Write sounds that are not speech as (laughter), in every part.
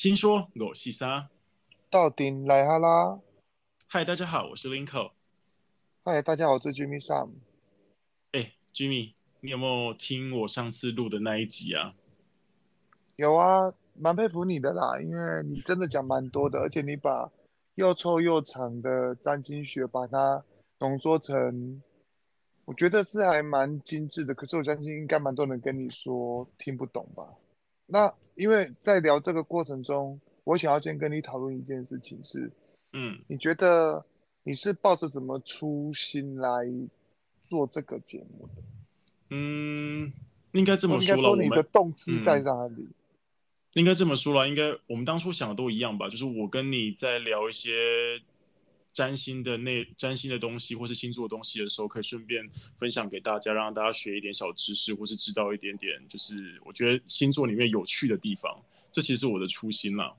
先說我是啥，到底來哈啦！嗨，大家好，我是林口。嗨，大家好，我是 Jimmy Sam。哎、hey，Jimmy，你有沒有聽我上次錄的那一集啊？有啊，蠻佩服你的啦，因為你真的講蠻多的，而且你把又臭又長的占星學把它濃縮成，我覺得是還蠻精致的。可是我相信，應該蠻多人跟你說聽不懂吧。那因為在聊這個過程中，我想要先跟你討論一件事情，是，嗯，你覺得你是抱着什麼初心來做這個節目的？嗯，應該這麼說啦，應該說你的動機在哪裡？嗯，應該這麼說啦，應該我們當初想的都一樣吧，就是我跟你在聊一些。占星的那，占星的東西，或是星座東西的時候，可以順便分享給大家，讓大家學一點小知識，或是知道一點點，就是我覺得星座裡面有趣的地方。這其實是我的初心啦。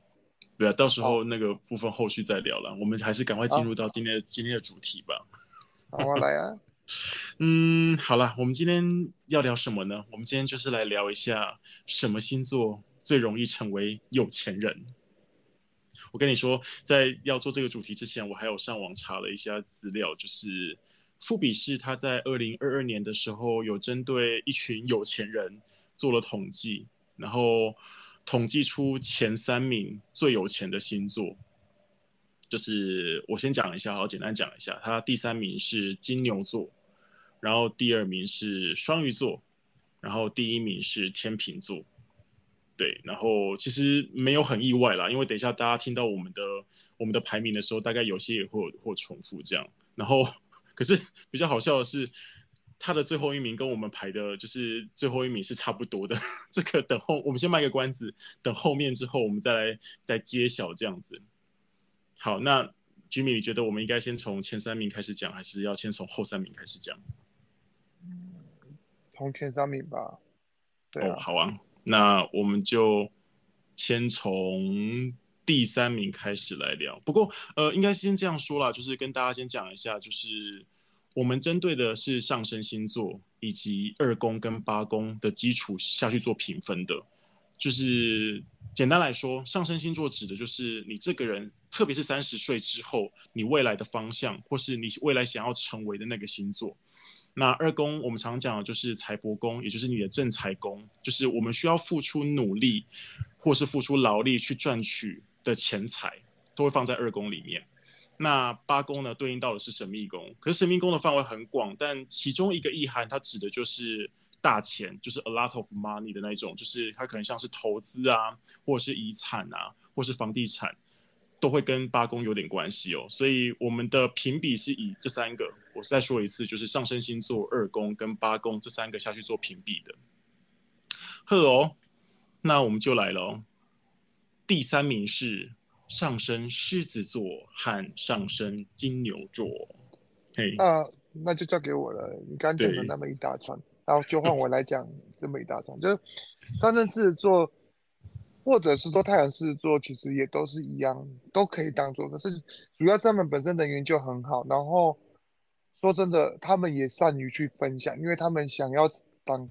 對啊，到時候那個部分後續再聊啦，oh. 我們還是趕快進入到今天，oh. 今天的主題吧。好啊，來啊。嗯，好啦，我們今天要聊什麼呢？我們今天就是來聊一下什麼星座最容易成為有錢人。我跟你說，在要做這個主題之前，我還有上網查了一下資料，就是富比士他在二零二二年的時候，有針對一群有錢人做了統計，然後統計出前三名最有錢的星座，就是我先講一下，好，簡單講一下，它第三名是金牛座，然後第二名是雙魚座，然後第一名是天秤座。對，然後其實沒有很意外啦，因為等一下大家聽到我們的我們的排名的時候，大概有些也會有會有重複這樣。然後可是比較好笑的是，他的最後一名跟我們排的就是最後一名是差不多的。這個等後，我們先賣個關子，等後面之後我們再來再揭曉這樣子。好，那 Jimmy 你覺得我們應該先從前三名開始講，還是要先從後三名開始講？從前三名吧。對啊，哦，好啊。那我們就先從第三名開始來聊。不過，呃，應該先這樣說啦，就是跟大家先講一下，就是我們針對的是上升星座以及二宮跟八宮的基礎下去做評分的。就是簡單來說，上升星座指的就是你這個人，特別是三十歲之後，你未來的方向，或是你未來想要成為的那個星座。那二宮我們常講的就是財帛宮，也就是你的正財宮，就是我們需要付出努力，或是付出勞力去賺取的錢財，都會放在二宮裡面。那八宮呢，對應到的是神秘宮，可是神秘宮的範圍很廣，但其中一個意涵，它指的就是大錢，就是 a lot of money 的那種，就是它可能像是投資啊，或是遺產啊，或是房地產。都會跟八宮有點關係哦，所以我們的評比是以這三個，我再說一次，就是上升星座、二宮跟八宮這三個下去做評比的。好、哦，那我們就來了、哦。第三名是上升獅子座和上升金牛座。嘿，那、呃、那就交給我了。你剛講了那麼一大串，然後就換我來講 (laughs) 這麼一大串，就是上升獅子座。或者是說太陽獅子座，其實也都是一樣，都可以當做。可是主要是他們本身的人緣就很好，然後說真的，他們也善於去分享，因為他們想要當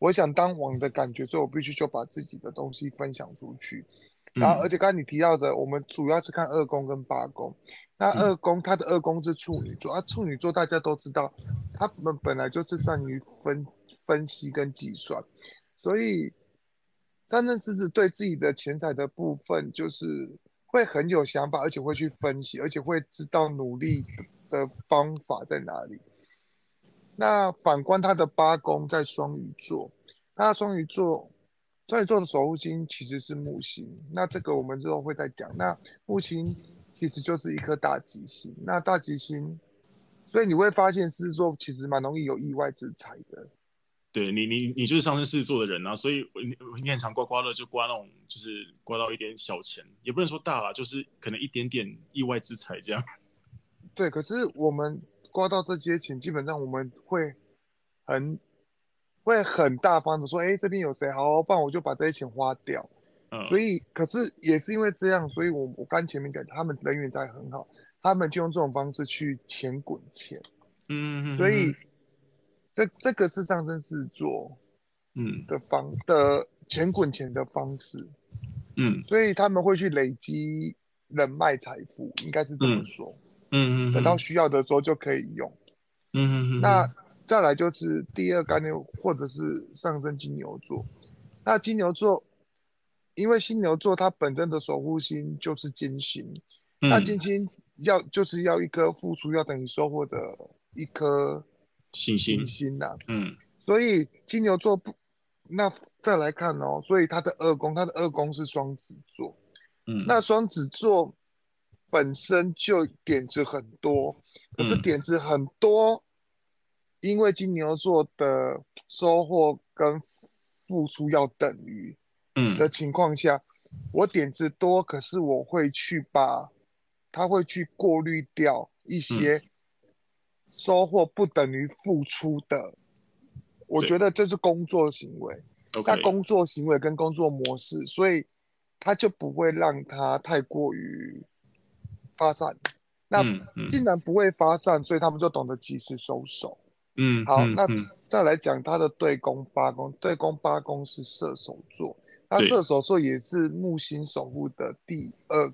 我想當王的感覺，所以我必須就把自己的東西分享出去。嗯、然後而且剛才你提到的，我們主要是看二宮跟八宮。那二宮、嗯、他的二宮是處女座啊，處女座大家都知道，他們本來就是善於分分析跟計算，所以。但是獅子對自己的錢財的部分，就是會很有想法，而且會去分析，而且會知道努力的方法在哪裡。那反觀他的八宮在雙魚座，那雙魚座，雙魚座的守護星其實是木星。那這個我們之後會再講。那木星其實就是一顆大吉星，那大吉星，所以你會發現獅子座其實蠻容易有意外之財的。對你，你你就是上升是做的人啊，所以你你很常刮刮樂，就刮那種，就是刮到一點小錢，也不能說大了，就是可能一點點意外之財這樣。對，可是我們刮到這些錢，基本上我們會很會很大方的說，哎，這邊有誰，好好，我就把這些錢花掉。嗯。所以，可是也是因為這樣，所以我我剛前面講他們人緣才很好，他們就用這種方式去錢滾錢。嗯嗯。所以。這這個是上升獅子座嗯的方嗯的錢滾錢的方式，嗯，所以他們會去累積人脈財富，應該是這麼說，嗯嗯，嗯，等到需要的時候就可以用，嗯嗯嗯。那嗯嗯再來就是第二概念，或者是上升金牛座，那金牛座，因為金牛座它本身的守護星就是金星，嗯、那金星要就是要一顆付出要等於收穫的一顆。.信心，信心吶、啊，嗯，所以金牛座不，那再來看哦，所以他的二宮，他的二宮是雙子座，嗯，那雙子座本身就點子很多，可是點子很多，嗯、因為金牛座的收穫跟付出要等於，嗯的情況下，我點子多，可是我會去把，他會去過濾掉一些、嗯。收穫不等於付出的，我覺得這是工作行為。那工作行為跟工作模式，okay. 所以他就不會讓他太過於發散。那、嗯嗯、既然不會發散，所以他們就懂得及時收手。嗯，好，嗯、那、嗯、再來講他的對宮八宮，對宮八宮是射手座。他射手座也是木星守護的第二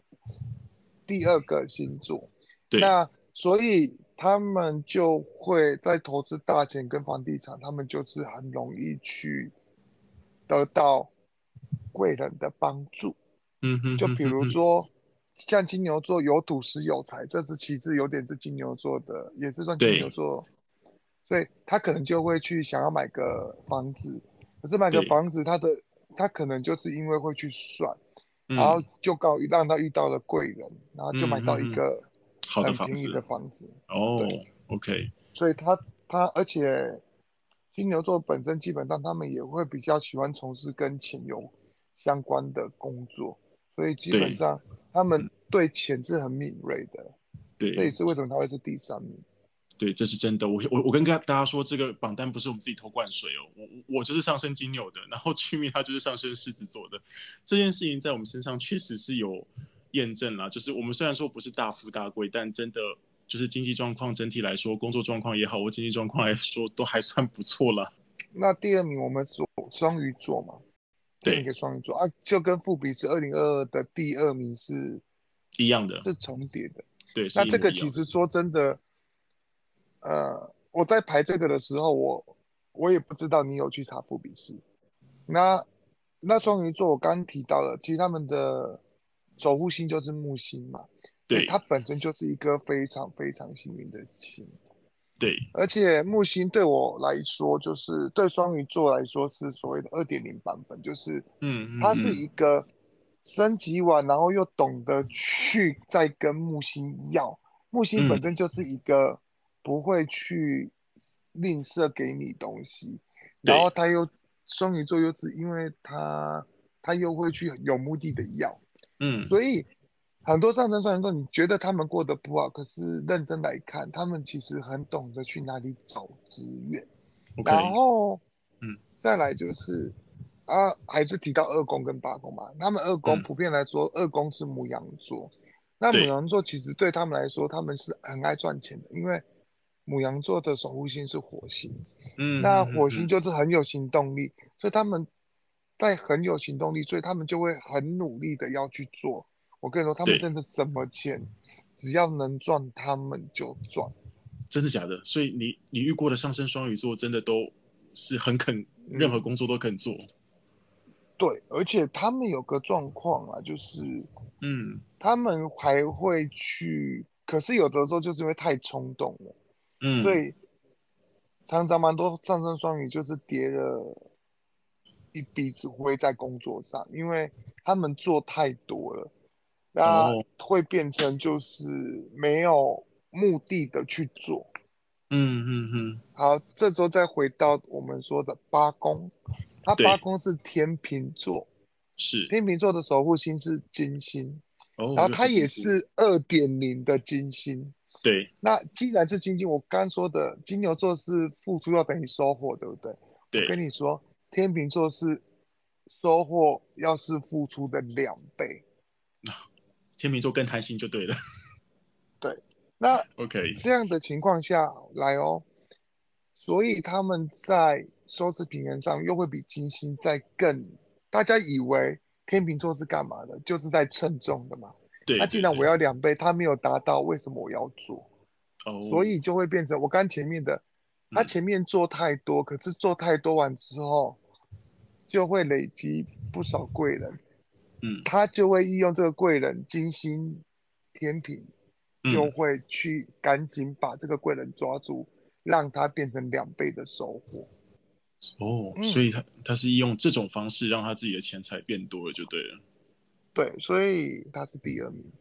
第二個星座。對，那。所以他們就會在投資大錢跟房地產，他們就是很容易去得到貴人的幫助。嗯哼，就比如說、嗯、像金牛座有土斯有財，這是其實有點是金牛座的，也是算金牛座，所以他可能就會去想要買個房子，可是買個房子，他的他可能就是因為會去算，嗯、然後就搞讓他遇到了貴人，然後就買到一個。嗯好的房子，很便宜的房子哦，OK，所以他他，而且金牛座本身基本上他們也會比較喜歡從事跟錢有相關的工作，所以基本上他們對錢是很敏銳的，對，這也是為什麼他會是第三名。對，這是真的。我我我跟大家說，這個榜單不是我們自己偷灌水哦，我我就是上升金牛的，然後屈密他就是上升獅子座的，這件事情在我們身上確實是有。驗證啦，就是我們雖然說不是大富大貴，但真的就是經濟狀況整體來說，工作狀況也好，我經濟狀況來說都還算不錯了。那第二名我們說雙魚座嘛？對，一個雙魚座啊，就跟富比士二零二二的第二名是一樣的，是重疊的。對，一一的，那這個其實說真的，呃，我在排這個的時候，我我也不知道你有去查富比士。那那雙魚座，我剛剛提到了，其實他們的。守護星就是木星嘛，對，它本身就是一顆非常非常幸運的星，對。而且木星對我來說，就是對雙魚座來說是所謂的二點零版本，就是，嗯，它是一個升級完，然後又懂得去再跟木星要。木星本身就是一個不會去吝嗇給你東西，嗯、然後他又雙魚座又是因為他他又會去有目的的要。嗯，所以很多上升雙魚座，你覺得他們過得不好，可是認真來看，他們其實很懂得去哪裡找資源。Okay, 然後，嗯，再來就是啊，還是提到二宮跟八宮嘛。他們二宮、嗯、普遍來說，二宮是牡羊座。那牡羊座其實對他們來說，他們是很愛賺錢的，因為牡羊座的守護星是火星。嗯，那火星就是很有行動力，嗯嗯嗯，所以他們。在很有行動力，所以他們就會很努力的要去做。我跟你說，他們掙的什麼錢，只要能賺，他們就賺。真的假的？所以你你遇過的上升雙魚座，真的都是很肯，任何工作都肯做，嗯。對，而且他們有個狀況啊，就是，嗯，他們還會去，可是有的時候就是因為太衝動了，嗯，所以常常蠻多上升雙魚就是跌了。一筆只會在工作上，因為他們做太多了，那、啊 oh. 會變成就是沒有目的的去做。嗯嗯嗯，好，這週再回到我們說的八宮，它八宮是天秤座，是天秤座的守護星是金星，oh, 然後它也是二點零的金星。對，那既然是金星，我剛說的金牛座是付出要等於收穫，對不對？對，我跟你說。天秤座是收穫要是付出的兩倍，天秤座更貪心就對了。對，那 OK 這樣的情況下來哦，所以他們在收支平衡上又會比金星再更。大家以為天秤座是幹嘛的？就是在稱重的嘛。對，對，對。那、啊、既然我要兩倍，他沒有達到，為什麼我要做？哦、oh.。所以就會變成我剛前面的，他前面做太多，嗯、可是做太多完之後。就會累積不少貴人，嗯，他就會利用這個貴人，精心甜品，又、嗯、會去趕緊把這個貴人抓住，讓他變成兩倍的收穫。哦，嗯、所以他他是用這種方式讓他自己的錢財變多了就對了。對，所以他是第二名，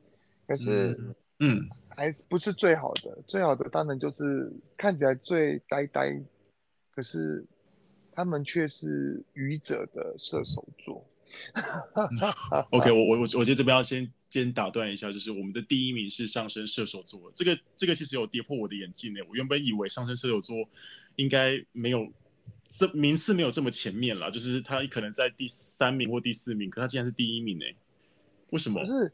可是，嗯，還不是最好的，最好的當然就是看起來最呆呆，可是。他們卻是愚者的射手座。 (laughs) OK，我我我我覺得這邊要先先打斷一下，就是我們的第一名是上升射手座，這個這個其實有跌破我的眼鏡耶。我原本以為上升射手座應該沒有，這名次沒有這麼前面啦，就是他可能在第三名或第四名，可他竟然是第一名耶？為什麼？可是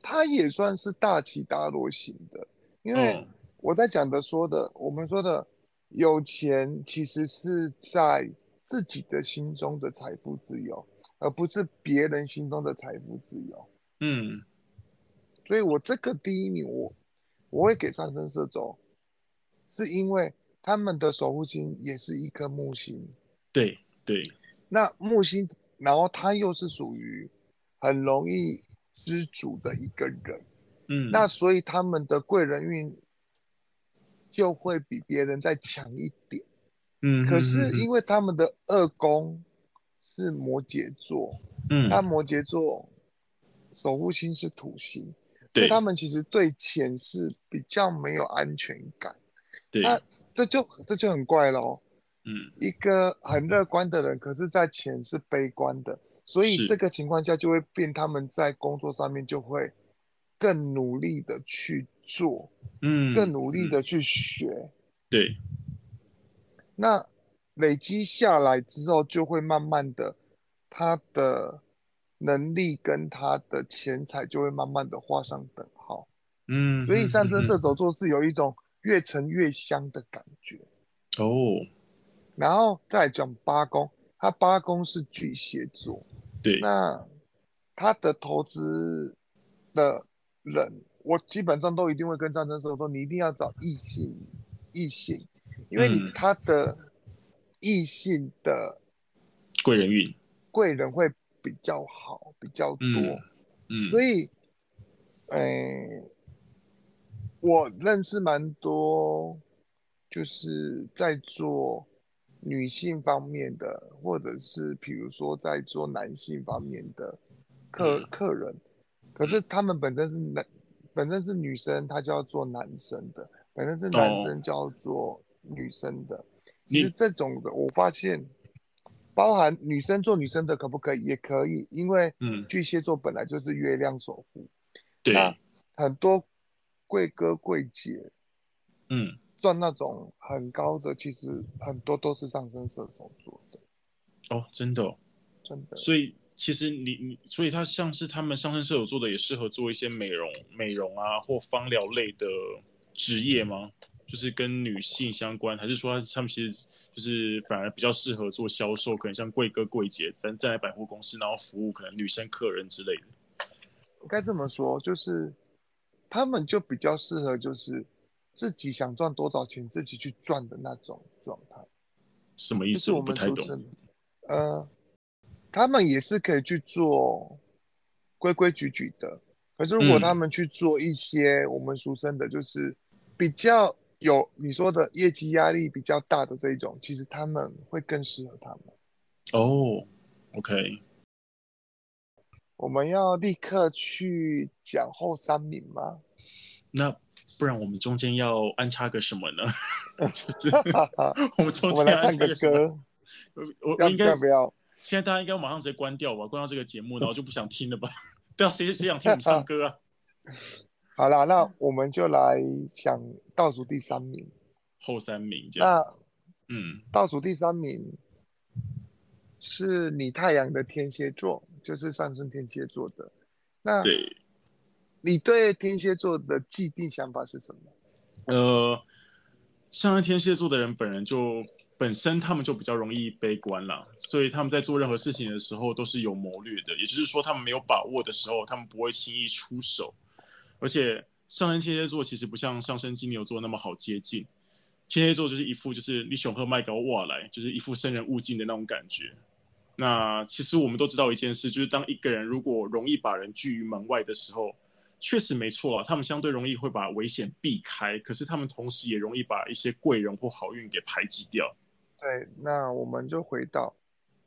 他也算是大起大落型的，因為我在講的說的，嗯、我們說的。有錢其實是在自己的心中的財富自由，而不是別人心中的財富自由。嗯，所以我這個第一名我，我我會給上升射手，是因為他們的守護星也是一顆木星。對對，那木星，然後他又是屬於很容易知足的一個人。嗯，那所以他們的貴人運。就會比別人再強一點，嗯，可是因為他們的二宮是摩羯座，嗯，那摩羯座守護星是土星，對他們其實對錢是比較沒有安全感，對，那這就這就很怪咯。嗯，一個很樂觀的人，嗯、可是在錢是悲觀的，所以這個情況下就會變，他們在工作上面就會更努力的去。做，嗯，更努力的去學，嗯、對。那累積下來之後，就會慢慢的，他的能力跟他的錢財就會慢慢的畫上等號，嗯。所以上升射手座是有一種越陳越香的感覺，哦。然後再講八宮，他八宮是巨蟹座，對。那他的投資的人。我基本上都一定會跟張先生說，說：“你一定要找異性，異性，因為他的異性的貴人運、嗯嗯、貴人會比較好，比較多。嗯”嗯，所以，哎、呃，我認識蠻多，就是在做女性方面的，或者是比如說在做男性方面的客、嗯、客人，可是他們本身是男。本身是女生，她就要做男生的；本身是男生，就要做女生的。Oh, 其實這種的，我發現，包含女生做女生的可不可以？也可以，因為巨蟹座本來就是月亮守護、嗯。對。很多貴哥貴姐，嗯，賺那種很高的，其實很多都是上升射手座的。哦、oh，真的、哦，真的。所以。其實你你，所以他像是他們上升射手座的，也適合做一些美容美容啊或芳療類的職業嗎？就是跟女性相關，還是說他們其實就是反而比較適合做銷售，可能像櫃哥櫃姐，在在百貨公司，然後服務可能女生客人之類的。應該這麼說，就是他們就比較適合，就是自己想賺多少錢，自己去賺的那種狀態。什麼意思？我不太懂。呃。他們也是可以去做規規矩矩的，可是如果他們去做一些我們俗稱的，就是比較有你說的業績壓力比較大的這一種，其實他們會更適合他們。哦、oh，OK，我們要立刻去講後三名嗎？那不然我們中間要安插個什麼呢？ (laughs) 我們中間 (laughs) 唱個歌，我我應該不要。現在大家應該馬上直接關掉吧，關掉這個節目，然後就不想聽了吧？ (laughs) 但誰誰想聽我們唱歌啊？啊啊好了，那我們就來講倒數第三名，後三名這樣。那，嗯，倒數第三名，是你太陽的天蠍座，就是上升天蠍座的。那，對，你對天蠍座的既定想法是什麼？呃，上升天蠍座的人本人就。本身他們就比較容易悲觀啦，所以他們在做任何事情的時候都是有謀略的，也就是說他們沒有把握的時候，他們不會輕易出手。而且上升天蠍座其實不像上升金牛座那麼好接近，天蠍座就是一副就是立雄和邁高臥來，就是一副生人勿近的那種感覺。那其實我們都知道一件事，就是當一個人如果容易把人拒於門外的時候，確實沒錯啊，他們相對容易會把危險避開，可是他們同時也容易把一些貴人或好運給排擠掉。對，那我們就回到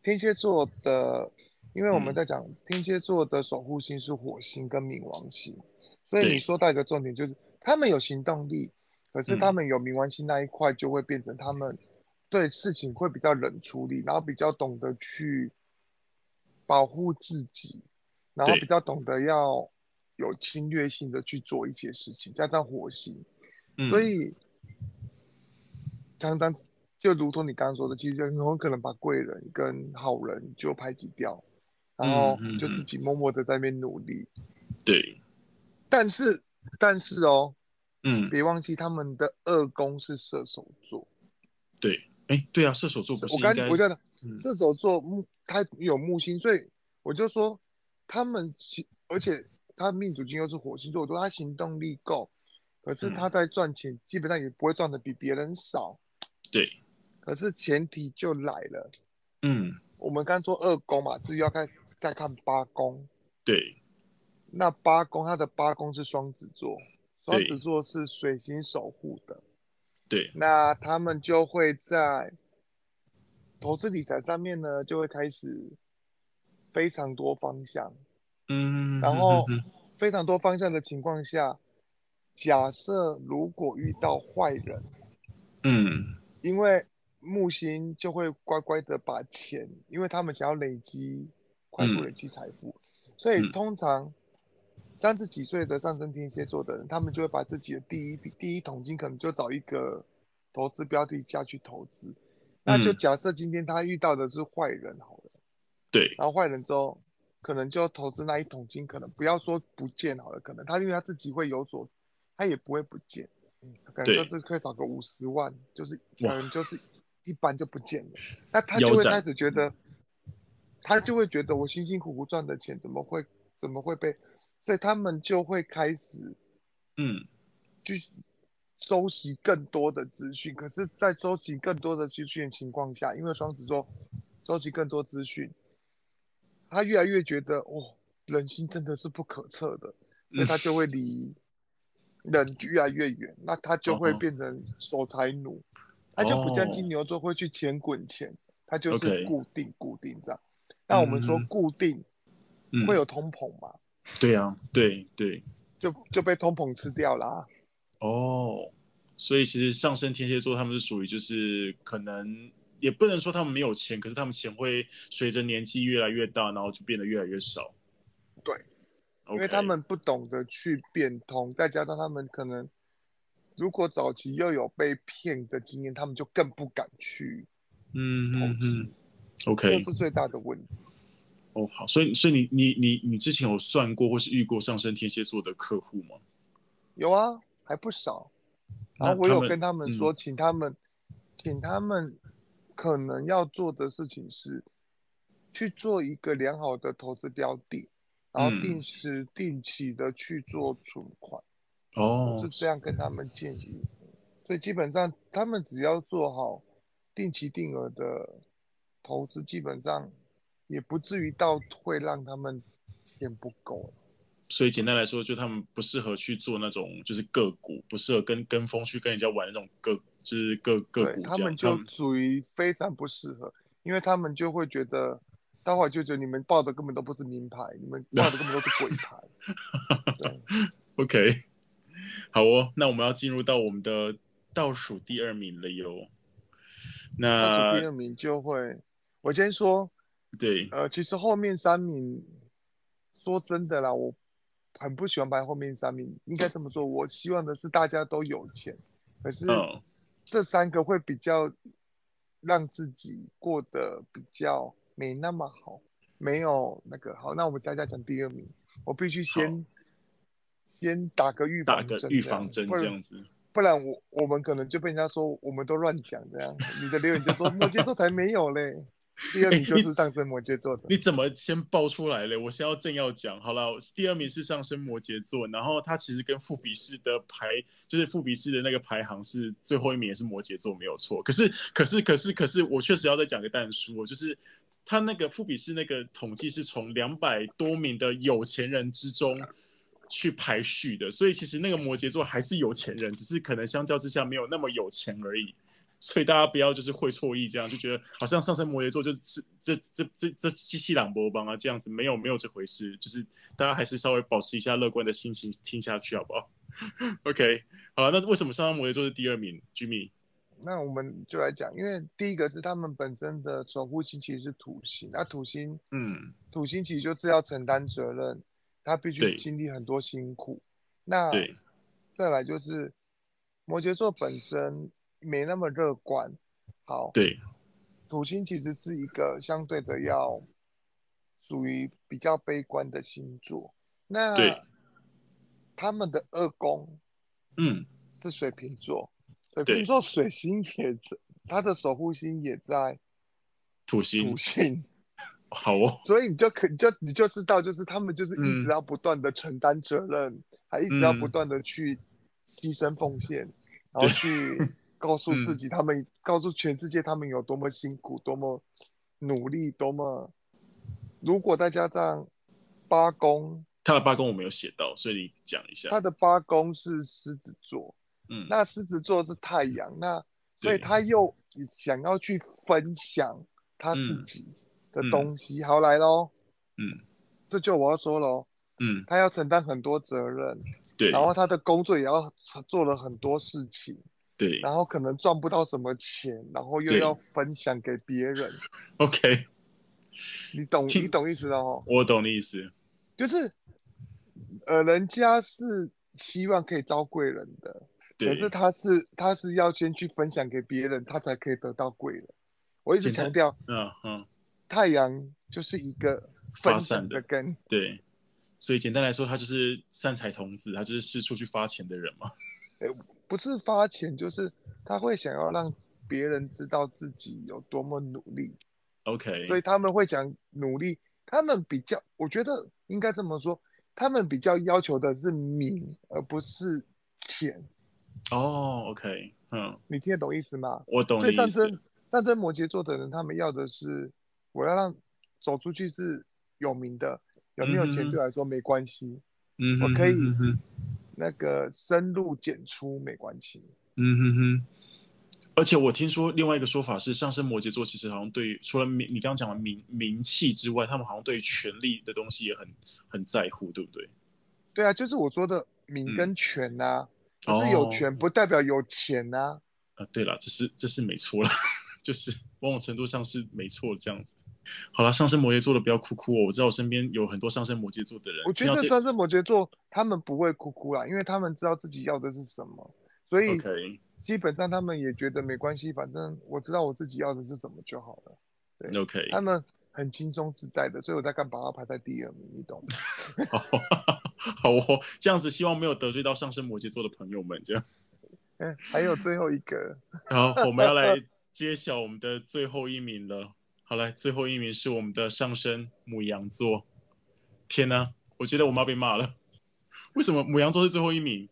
天蠍座的，因為我們在講、嗯、天蠍座的守護星是火星跟冥王星，所以你說到一個重點，就是他們有行動力，可是他們有冥王星那一塊，就會變成他們對事情會比較冷處理，然後比較懂得去保護自己，然後比較懂得要有侵略性的去做一些事情，加上火星，嗯、所以常常。長長就如同你剛剛說的，其實很有可能把貴人跟好人就排擠掉，然後就自己默默的在那邊努力。嗯嗯嗯、對，但是但是哦，嗯，別忘記他們的二宮是射手座。對，哎、欸，對啊，射手座不是，是我剛才我在講、嗯、射手座木，他有木星，所以我就說他們，而且他命主金又是火星座，我覺得他行動力夠，可是他在賺錢、嗯、基本上也不會賺得比別人少。對。可是前提就來了，嗯，我們剛說二宮嘛，是要看再看八宮，對，那八宮他的八宮是雙子座，雙子座是水星守護的對，對，那他們就會在投資理財上面呢，就會開始非常多方向，嗯，然後非常多方向的情況下，嗯、假設如果遇到壞人，嗯，因為。木星就會乖乖的把錢，因為他們想要累積，快速累積財富，嗯，所以通常，嗯、三十幾歲的上升天蠍座的人，他們就會把自己的第一筆第一桶金，可能就找一個投資標的下去投資。那就假設今天他遇到的是壞人好了，對，嗯，然後壞人之後可能就投資那一桶金，可能不要說不見好了，可能他因為他自己會有所，他也不會不見，感，嗯、覺就是可以找個五十萬，就是可能就是。一般就不見了，那他就會開始覺得，他就會覺得我辛辛苦苦賺的錢怎麼會怎麼會被，所以他們就會開始，嗯，去收集更多的資訊、嗯。可是，在收集更多的資訊的情況下，因為雙子座收集更多資訊，他越來越覺得哦，人心真的是不可測的，那、嗯、他就會離人越來越遠，那他就會變成守財奴。哦他就不像金牛座會去錢滾錢，他、oh. 就是固定、okay. 固定這樣。那我們說固定、mm -hmm. 會有通膨嗎、嗯、對啊，對對。就就被通膨吃掉了、啊。哦、oh. 所以其實上升天蠍座他們是屬於就是可能也不能說他們沒有錢，可是他們錢會隨着年紀越來越大，然後就變得越來越少。對，okay. 因為他們不懂得去變通，再加上他們可能。如果早期又有被騙的經驗，他們就更不敢去投資，嗯嗯。OK，這是最大的問題。哦，好，所以所以你你你你之前有算過或是遇過上升天蠍座的客戶嗎？有啊，還不少。然後我有跟他們說，他們請他們、嗯，請他們可能要做的事情是去做一個良好的投資標的，然後定時定期的去做存款。嗯哦、oh，是這樣跟他們建議。哦，所以基本上他們只要做好定期定額的投資，基本上也不至於到會讓他們錢不夠。所以簡單來說，就他們不適合去做那種就是個股，不適合跟跟風去跟人家玩那種個就是個個股。他們就屬於非常不適合，因為他們就會覺得，待會就覺得你們報的根本都不是名牌，你們報的根本都是鬼牌。 (laughs) 對 (laughs) ，OK。好哦，那我們要進入到我們的倒數第二名了喲。那，那第二名就會，我先說，對，呃，其實後面三名，說真的啦，我很不喜歡排後面三名。應該這麼說，我希望的是大家都有錢，可是這三個會比較讓自己過得比較沒那麼好，沒有那個好。那我們大家講第二名，我必須先。先打個預防針，這，預防針這樣子，不然，不然我我們可能就被人家說我們都亂講這樣。你的留言就說 (laughs) 摩羯座才沒有嘞， (laughs) 第二名就是上升摩羯座的。哎，你，你怎麼先爆出來嘞？我先要正要講好了。第二名是上升摩羯座，然後他其實跟富比士的排，就是富比士的那個排行是最後一名也是摩羯座沒有錯。可是可是可是可是，我確實要再講個但書，我就是他那個富比士那個統計是從兩百多名的有錢人之中，去排序的，所以其實那個摩羯座還是有錢人，只是可能相較之下沒有那麼有錢而已。所以大家不要就是會錯意，這樣就覺得好像上升摩羯座就是這這這這這這西西蘭波邦啊這樣子，沒有沒有這回事。就是大家還是稍微保持一下樂觀的心情聽下去，好不好？OK，好啊，那為什麼上升摩羯座是第二名，Jimmy？那我們就來講，因為第一個是他們本身的守護星其實是土星，那土星，嗯，土星其實就是要承擔責任，他必須經歷很多辛苦，對，那，再來就是摩羯座本身沒那麼樂觀，好，對，土星其實是一個相對的要屬於比較悲觀的星座，那，對，他們的二宮，嗯，是水瓶座、嗯，水瓶座水星也在，他的守護星也在土星，土星。好哦，所以你就可就你就知道，就是他們就是一直要不斷的承擔責任、嗯，還一直要不斷的去犧牲奉獻、嗯，然後去告訴自己，他們、 (laughs) 嗯、告訴全世界他們有多麼辛苦，多麼努力，多麼。如果再加上八宮，他的八宮我沒有寫到，所以你講一下。他的八宮是獅子座，嗯，那獅子座是太陽、嗯，那所以他又想要去分享他自己。嗯的東西、嗯、好來嘍，嗯，這就我要說嘍，嗯，他要承擔很多責任，對，然後他的工作也要做了很多事情，對，然後可能賺不到什麼錢，然後又要分享給別人 (laughs) ，OK，你懂你懂意思了哦，我懂你意思，就是，呃，人家是希望可以招貴人的，對，可是他是他是要先去分享給別人，他才可以得到貴人。我一直強調，嗯嗯。Uh-huh. 太陽就是一個分發散的根，對，所以簡單來說，他就是散財童子，他就是四處去發錢的人嘛。哎、欸，不是發錢，就是他會想要讓別人知道自己有多麼努力。OK，所以他們會講努力，他們比較，我覺得應該這麼說，他們比較要求的是名而不是錢。哦、oh,，OK，嗯、huh.，你聽得懂意思嗎？我懂意思。對，上升上升摩羯座的人，他們要的是。我要讓走出去是有名的，有沒有錢對我來說沒關係。嗯，我可以那個深入簡出沒關係。嗯哼嗯哼，而且我聽說另外一個說法是，上升摩羯座其實好像對除了名，你剛剛講的名名氣之外，他們好像對權力的東西也很很在乎，對不對？對啊，就是我說的名跟權吶、啊嗯，就是有權不代表有錢吶。啊，哦呃、對了，這是這是沒錯了，就是。往往程度上是沒錯，這樣子。好啦，上升摩羯座的不要哭哭哦。我知道我身邊有很多上升摩羯座的人。我覺得上升摩羯座他們不會哭哭啦，因為他們知道自己要的是什麼，所以基本上他們也覺得沒關係，okay. 反正我知道我自己要的是什麼就好了。OK，他們很輕鬆自在的，所以我大概把他排在第二名，你懂嗎 (laughs) 好。好、哦， (laughs) 這樣子希望沒有得罪到上升摩羯座的朋友們，這樣。嗯，還有最後一個。然 (laughs) 後我們要來。揭曉我們的最後一名了，好來，最後一名是我們的上升牡羊座。天哪，啊，我覺得我媽被罵了。為什麼牡羊座是最後一名？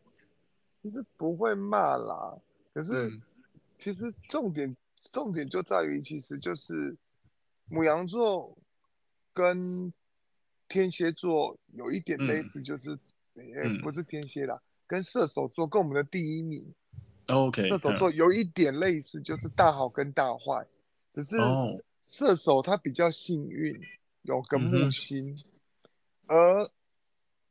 其實不會罵啦，可是，嗯，其實重點重點就在於，其實就是牡羊座跟天蠍座有一點類似，嗯，就是也、欸、不是天蠍啦，嗯，跟射手座跟我們的第一名。O、okay, K，射手座有一點類似，就是大好跟大壞，只是射手他比較幸運、哦，有個木星，嗯、而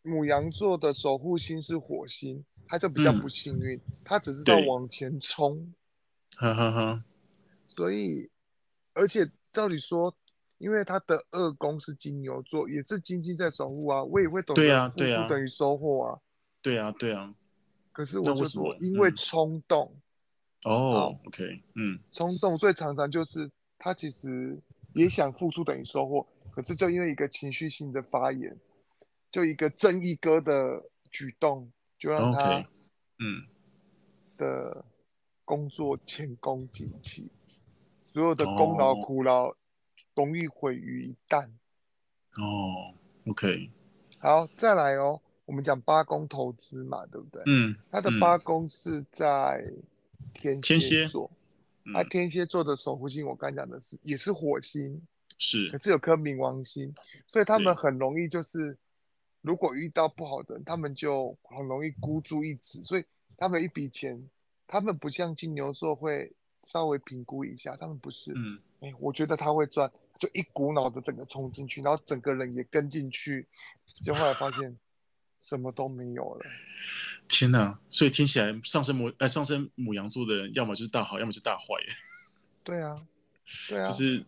牡羊座的守護星是火星，他就比較不幸運、嗯，他只知道往前衝，哈哈哈。所以，而且照理說，因為他的二宮是金牛座，也是金星在守護啊，我也會懂得付出等於收穫啊，對啊，對啊。對啊對啊可是我覺得，因為衝動。嗯、哦，OK，嗯，衝動最常常就是他其實也想付出等於收穫，可是就因為一個情緒性的發言，就一個正義哥的舉動，就讓他，嗯，的工作前功盡棄、哦 okay, 嗯，所有的功勞苦勞，容易毀於一旦。哦，OK，好，再來哦。我們講八宮投資嘛，對不對？嗯，他的八宮是在天蠍座，那天蠍、啊、座的守護星我剛講的是也是火星，是，可是有顆冥王星，所以他們很容易就是，如果遇到不好的人，他們就很容易孤注一擲，所以他們一筆錢，他們不像金牛座會稍微評估一下，他們不是，嗯，哎、欸，我覺得他會賺，就一股腦的整個衝進去，然後整個人也跟進去，就後來發現。 (laughs) 什麼都沒有了，天哪、啊！所以聽起來上升摩哎上升牡羊座的人，要麼就是大好，要麼就大壞。對啊，對啊，就是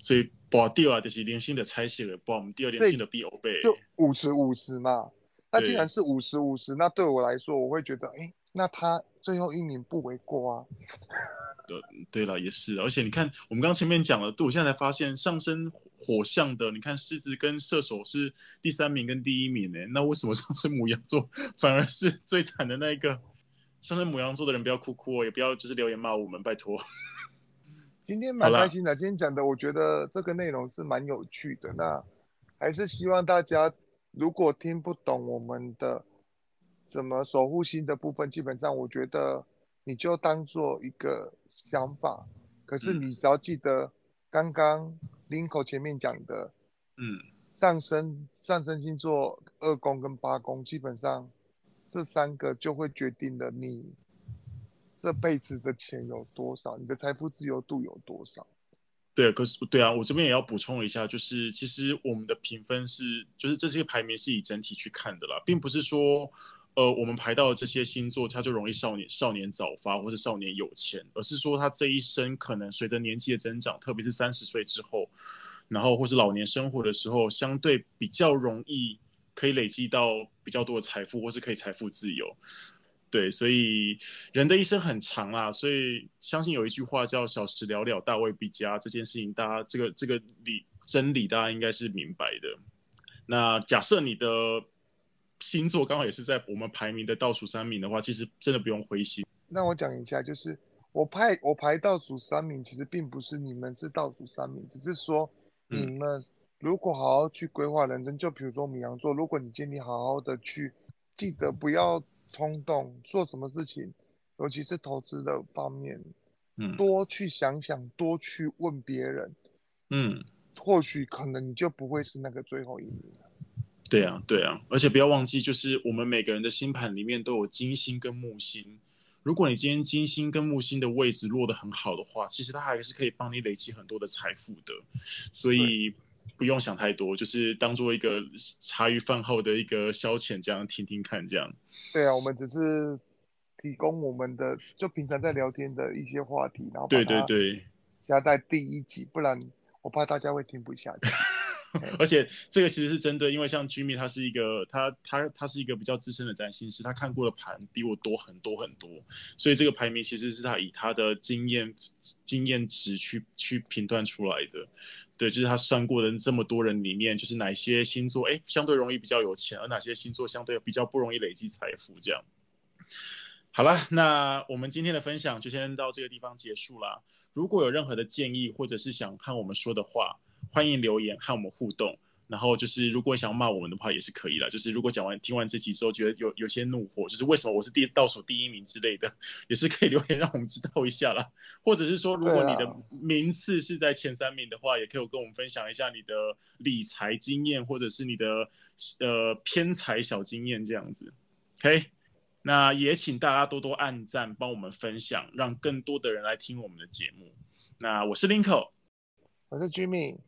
所以把第二就是連線的拆卸了，把我們第二連線的 B O 被就五十五十嘛。那既然是五十五十，那對我來說，我會覺得，哎、欸，那他最後一名不為過啊。 (laughs) 對了，也是，而且你看，我們剛前面講了度，我現在才發現，上升火象的，你看獅子跟射手是第三名跟第一名呢，那為什麼上升牡羊座反而是最慘的那一個？上升牡羊座的人不要哭哭哦，也不要就是留言罵我們，拜托。今天蠻開心的，今天講的我覺得這個內容是蠻有趣的，呢，還是希望大家如果聽不懂我們的什麼守護星的部分，基本上我覺得你就當做一個。想法，可是你只要記得剛剛林口前面講的，嗯，上升上升星座二宮跟八宮，基本上這三個就會決定了你這輩子的錢有多少，你的財富自由度有多少。對啊，可是對啊，我這邊也要補充一下，就是其實我們的評分是，就是這些排名是以整體去看的啦，並不是說。呃，我們排到的這些星座，他就容易少年少年早發，或是少年有錢，而是說他這一生可能隨着年紀的增長，特別是三十歲之後，然後或是老年生活的時候，相對比較容易可以累積到比較多的財富，或是可以財富自由。對，所以人的一生很長啊，所以相信有一句話叫“小時了了，大未必佳”，這件事情大家這個這個理真理大家應該是明白的。那假設你的。星座剛好也是在我們排名的倒數三名的話，其實真的不用灰心。那我講一下，就是我排我排倒數三名，其實並不是你們是倒數三名，只是說你們如果好好去規劃人生，嗯，就比如說我們羊座，如果你今天好好的去記得不要衝動做什麼事情，尤其是投資的方面，嗯，多去想想，多去問別人，嗯，或許可能你就不會是那個最後一名。對啊，對啊，而且不要忘記，就是我們每個人的星盤裡面都有金星跟木星。如果你今天金星跟木星的位置落得很好的話，其實它還是可以幫你累積很多的財富的。所以不用想太多，就是當做一個茶餘飯後的一個消遣，這樣聽聽看，這樣。對啊，我們只是提供我們的，就平常在聊天的一些話題，然後對對對，加在第一集，不然我怕大家會聽不下去。 (laughs) (laughs) 而且這個其實是針對，因為像 Jimmy 他是一個他他他是一個比較資深的占星師，他看過的盤比我多很多很多，所以這個排名其實是他以他的經驗經驗值去去評斷出來的。對，就是他算過的這麼多人裡面，就是哪些星座誒、欸、相對容易比較有錢，而哪些星座相對比較不容易累積財富這樣。好了，那我們今天的分享就先到這個地方結束啦。如果有任何的建議或者是想和我們說的話，歡迎留言和我們互動，然後就是如果想要罵我們的話也是可以的，就是如果講完聽完這集之後覺得有有些怒火，就是為什麼我是第倒數第一名之類的，也是可以留言讓我們知道一下啦。或者是說，如果你的名次是在前三名的話，啊、也可以有跟我們分享一下你的理財經驗，或者是你的呃偏財小經驗這樣子。OK，那也請大家多多按讚，幫我們分享，讓更多的人來聽我們的節目。那我是 Linko，我是 Jimmy。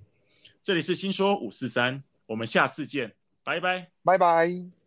這裡是星說五四三，我們下次見，拜拜，拜拜。